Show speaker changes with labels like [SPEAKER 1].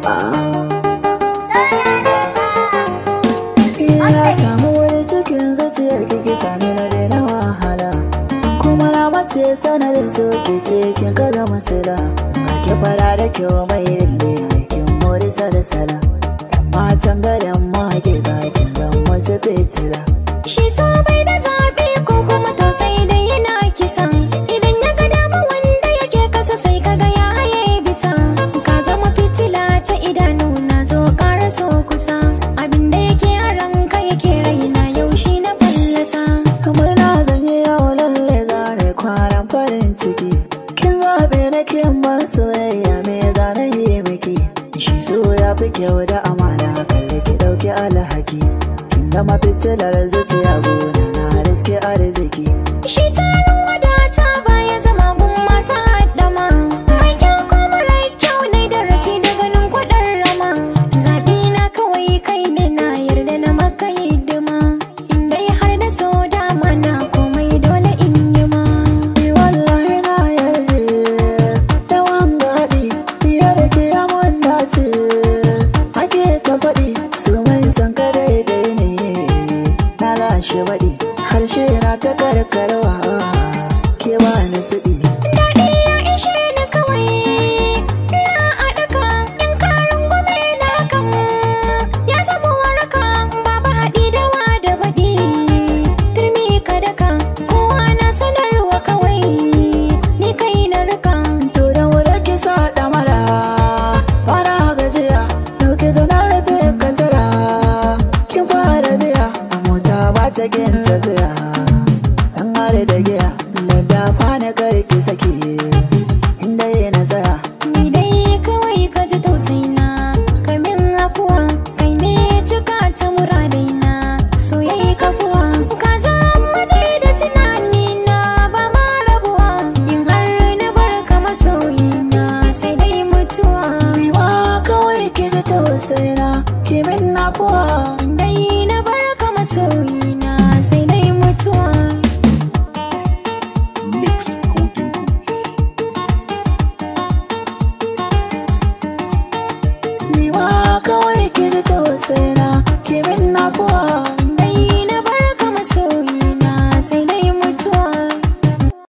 [SPEAKER 1] nufa
[SPEAKER 2] Ina samu wani cikin zuciyar
[SPEAKER 1] kiki sani na daina wahala Kuma na mace sanarin soke ce kin kaza masala Ka ki fara da kyau mai rilbe aikin mori salasala Matan garin ma
[SPEAKER 2] bakin zan
[SPEAKER 1] wasu fitila
[SPEAKER 2] Shi so bai
[SPEAKER 1] fi kyau da amana kalle ki ɗauki alhaki kin zama fitilar zuciya gona
[SPEAKER 2] na riske arziki shi tara
[SPEAKER 1] shi baɗi harshe na ta karkarwa ke ba na suɗi ta gin tafiya ɗan mare da giya da dafa na karki saki
[SPEAKER 2] inda yi na tsaya dai kawai ka ji tausayina kai min afuwa kai cika ta muradaina soyayya kafuwa ka zama je da tunani na ba ma rabuwa in har na barka ka masoyina sai dai mutuwa wa kawai ki ji tausayina ki min afuwa dai na bar ka masoyina kawai ki ji tausaina ki na kuwa